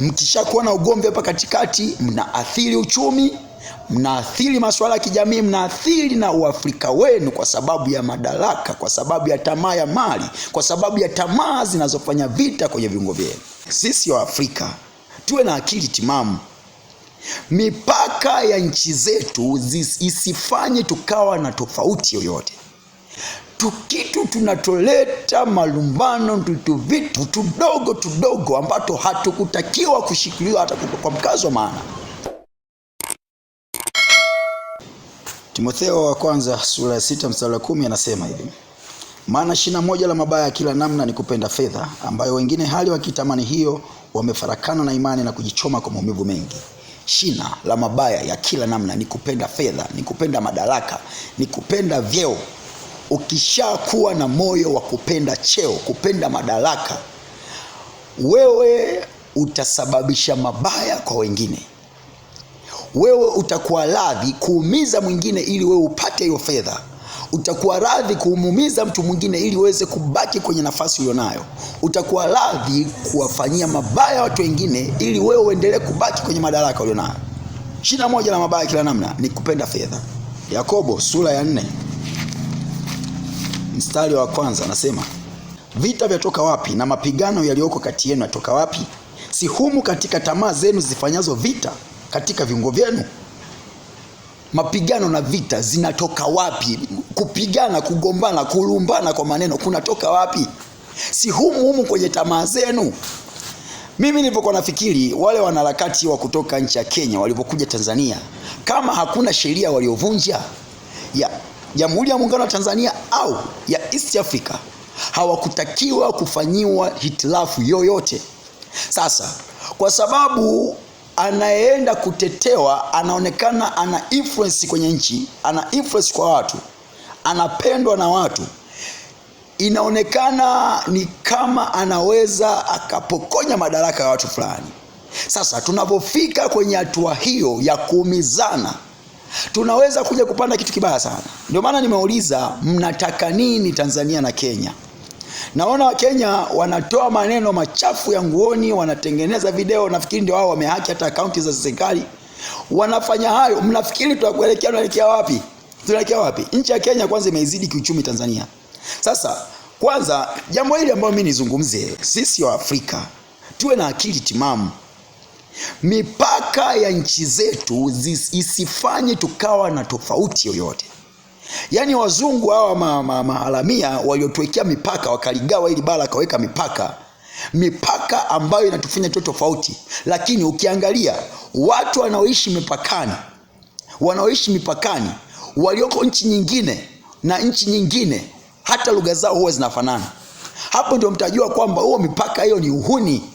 Mkishakuwa na ugomvi hapa katikati, mnaathiri uchumi, mnaathiri masuala ya kijamii, mnaathiri na uafrika wenu, kwa sababu ya madaraka, kwa sababu ya tamaa ya mali, kwa sababu ya tamaa zinazofanya vita kwenye viungo vyenu. Sisi wa afrika tuwe na akili timamu. Mipaka ya nchi zetu isifanye tukawa na tofauti yoyote tuki vitu tunatoleta malumbano ndio vitu tudogo tudogo ambato hatukutakiwa kushikiliwa hata kwa mkazo. Maana Timotheo wa kwanza sura ya sita mstari wa kumi anasema hivi maana shina moja la mabaya ya kila namna ni kupenda fedha, ambayo wengine hali wakitamani hiyo wamefarakana na imani na kujichoma kwa maumivu mengi. Shina la mabaya ya kila namna ni kupenda fedha, ni kupenda madaraka, ni kupenda vyeo ukishakuwa na moyo wa kupenda cheo, kupenda madaraka, wewe utasababisha mabaya kwa wengine. Wewe utakuwa radhi kuumiza mwingine ili wewe upate hiyo fedha. Utakuwa radhi kumuumiza mtu mwingine ili uweze kubaki kwenye nafasi ulionayo. Utakuwa radhi kuwafanyia mabaya watu wengine ili wewe uendelee kubaki kwenye madaraka ulionayo. Shina moja la mabaya kila namna ni kupenda fedha. Yakobo sura ya nne mstari wa kwanza anasema, vita vyatoka wapi na mapigano yaliyoko kati yenu yatoka wapi? Si humu katika tamaa zenu zifanyazo vita katika viungo vyenu? Mapigano na vita zinatoka wapi? Kupigana, kugombana, kulumbana kwa maneno kunatoka wapi? Si humu humu kwenye tamaa zenu? Mimi nilipokuwa nafikiri wale wanaharakati wa kutoka nchi ya Kenya walipokuja Tanzania, kama hakuna sheria waliovunja ya Jamhuri ya Muungano wa Tanzania au ya East Africa hawakutakiwa kufanyiwa hitilafu yoyote. Sasa kwa sababu anayeenda kutetewa anaonekana ana influence kwenye nchi, ana influence kwa watu, anapendwa na watu, inaonekana ni kama anaweza akapokonya madaraka ya watu fulani. Sasa tunapofika kwenye hatua hiyo ya kuumizana tunaweza kuja kupanda kitu kibaya sana. Ndio maana nimeuliza mnataka nini Tanzania na Kenya? Naona Wakenya wanatoa maneno machafu ya nguoni, wanatengeneza video, nafikiri ndio wao wamehaki hata akaunti za serikali, wanafanya hayo. Mnafikiri tunakuelekea tunaelekea wapi? Tunaelekea wapi? Nchi ya Kenya kwanza imeizidi kiuchumi Tanzania. Sasa kwanza, jambo hili ambalo mimi nizungumze, sisi wa Afrika tuwe na akili timamu mipaka mipaka ya nchi zetu isifanye tukawa na tofauti yoyote. Yaani wazungu hawa ma, ma, maharamia waliotuwekea mipaka, wakaligawa ili bara akaweka mipaka, mipaka ambayo inatufanya tu tofauti. Lakini ukiangalia watu wanaoishi mipakani, wanaoishi mipakani walioko nchi nyingine na nchi nyingine, hata lugha zao huwa zinafanana. Hapo ndio mtajua kwamba huo mipaka hiyo ni uhuni.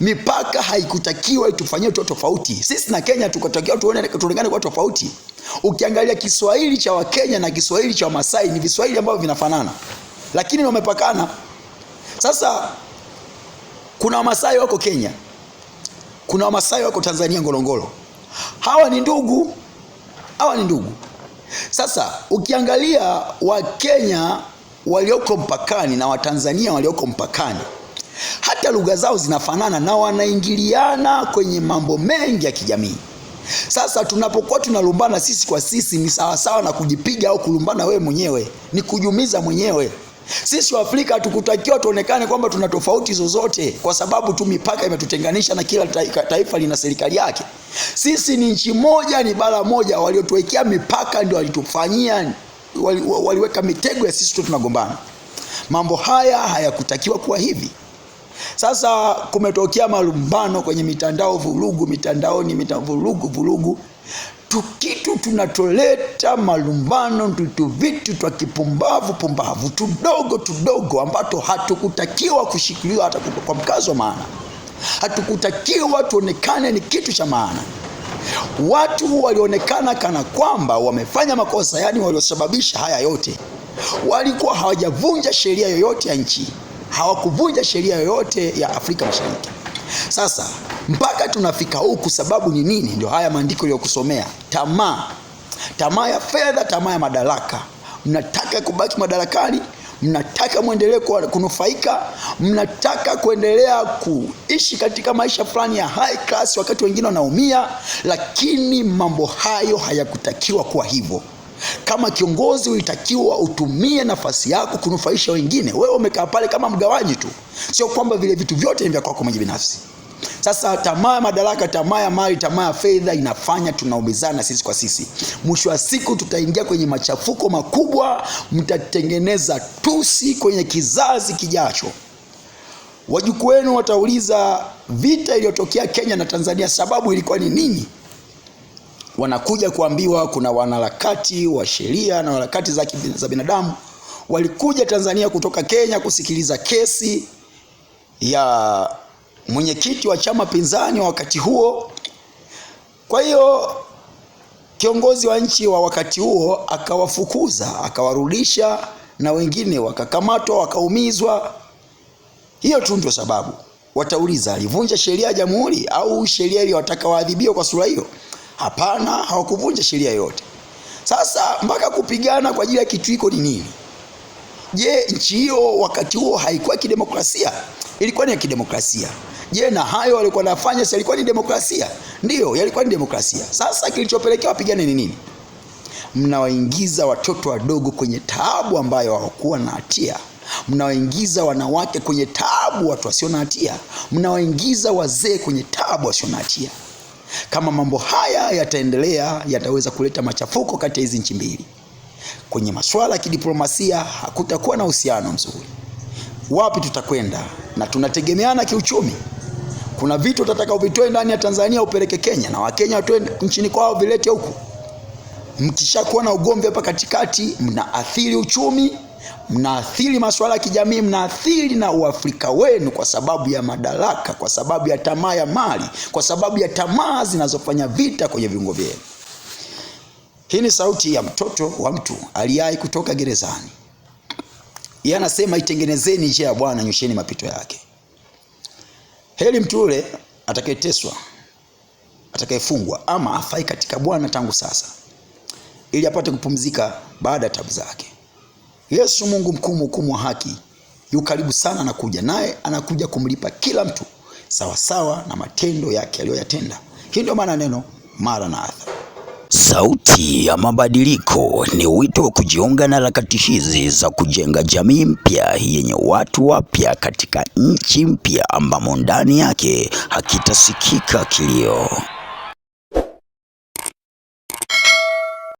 Mipaka haikutakiwa itufanyie tu tofauti. Sisi na Kenya tukatakiwa tuone tulingane kwa tofauti. Ukiangalia Kiswahili cha Wakenya na Kiswahili cha Wamasai ni Viswahili ambavyo vinafanana, lakini wamepakana. Sasa kuna Wamasai wako Kenya, kuna Wamasai wako Tanzania, Ngorongoro. Hawa ni ndugu, hawa ni ndugu. Sasa ukiangalia Wakenya walioko mpakani na Watanzania walioko mpakani hata lugha zao zinafanana na wanaingiliana kwenye mambo mengi ya kijamii. Sasa tunapokuwa tunalumbana sisi kwa sisi, ni sawasawa na kujipiga au kulumbana wewe mwenyewe, ni kujumiza mwenyewe. Sisi Waafrika hatukutakiwa tuonekane kwamba tuna tofauti zozote, kwa sababu tu mipaka imetutenganisha na kila taifa lina serikali yake. Sisi ni nchi moja, ni bara moja. Waliotuwekea mipaka ndio walitufanyia, waliweka mitego ya sisi tu tunagombana. Mambo haya hayakutakiwa kuwa hivi. Sasa kumetokea malumbano kwenye mitandao, vurugu mitandaoni, mitandao, vurugu vurugu tukitu tunatoleta malumbano tutu vitu twa kipumbavu pumbavu tudogo tudogo ambato hatukutakiwa kushikiliwa hata kwa mkazo, maana hatukutakiwa tuonekane ni kitu cha maana. Watu walionekana kana kwamba wamefanya makosa, yaani waliosababisha haya yote walikuwa hawajavunja sheria yoyote ya nchi hawakuvunja sheria yoyote ya Afrika Mashariki. Sasa mpaka tunafika huku, sababu ni nini? Ndio haya maandiko yaliyokusomea, tamaa, tamaa ya fedha, tamaa ya madaraka. Mnataka kubaki madarakani, mnataka mwendelee kunufaika, mnataka kuendelea kuishi katika maisha fulani ya high class, wakati wengine wanaumia. Lakini mambo hayo hayakutakiwa kuwa hivyo. Kama kiongozi, ulitakiwa utumie nafasi yako kunufaisha wengine. Wewe umekaa pale kama mgawaji tu, sio kwamba vile vitu vyote ni vya kwako mwenye binafsi. Sasa tamaa ya madaraka, tamaa ya mali, tamaa ya fedha inafanya tunaumizana sisi kwa sisi. Mwisho wa siku tutaingia kwenye machafuko makubwa, mtatengeneza tusi kwenye kizazi kijacho. Wajukuu wenu watauliza vita iliyotokea Kenya na Tanzania, sababu ilikuwa ni nini? wanakuja kuambiwa kuna wanaharakati wa sheria na harakati za binadamu walikuja Tanzania kutoka Kenya kusikiliza kesi ya mwenyekiti wa chama pinzani wa wakati huo. Kwa hiyo kiongozi wa nchi wa wakati huo akawafukuza, akawarudisha na wengine wakakamatwa, wakaumizwa. Hiyo tu ndio sababu. Watauliza, alivunja sheria ya jamhuri au sheria iliyowataka waadhibiwe kwa sura hiyo? Hapana, hawakuvunja sheria yote. Sasa mpaka kupigana kwa ajili ya kitu hiko ni nini? Je, nchi hiyo wakati huo haikuwa kidemokrasia? Ilikuwa ni ya kidemokrasia. Je, na hayo walikuwa nafanya si yalikuwa ni demokrasia? Ndiyo, yalikuwa ni demokrasia. Sasa kilichopelekea wapigane ni nini? Mnawaingiza watoto wadogo kwenye taabu ambayo hawakuwa na hatia mnawaingiza wanawake kwenye taabu, watu wasio na hatia. Mnawaingiza wazee kwenye taabu, wasio na hatia. Kama mambo haya yataendelea, yataweza kuleta machafuko kati ya hizi nchi mbili. Kwenye masuala ya kidiplomasia hakutakuwa na uhusiano mzuri. Wapi tutakwenda? Na tunategemeana kiuchumi. Kuna vitu utataka uvitoe ndani ya Tanzania upeleke Kenya, na Wakenya watoe nchini kwao vilete huku mkishakuwa na ugomvi hapa katikati, mnaathiri uchumi, mnaathiri masuala ya kijamii, mnaathiri na uafrika wenu, kwa sababu ya madaraka, kwa sababu ya tamaa ya mali, kwa sababu ya tamaa zinazofanya vita kwenye viungo vyenu. Hii ni sauti ya mtoto wa mtu aliyai kutoka gerezani. Yeye anasema itengenezeni njia ya Bwana, nyosheni mapito yake. Heri mtu yule atakayeteswa, atakayefungwa ama afai katika Bwana tangu sasa ili apate kupumzika baada ya tabu zake. Yesu Mungu mkuu, mhukumu wa haki, yu karibu sana, anakuja naye anakuja kumlipa kila mtu sawasawa na matendo yake aliyoyatenda. Hii ndio maana neno mara na adha. Sauti ya Mabadiliko ni wito wa kujiunga na harakati hizi za kujenga jamii mpya yenye watu wapya katika nchi mpya ambamo ndani yake hakitasikika kilio.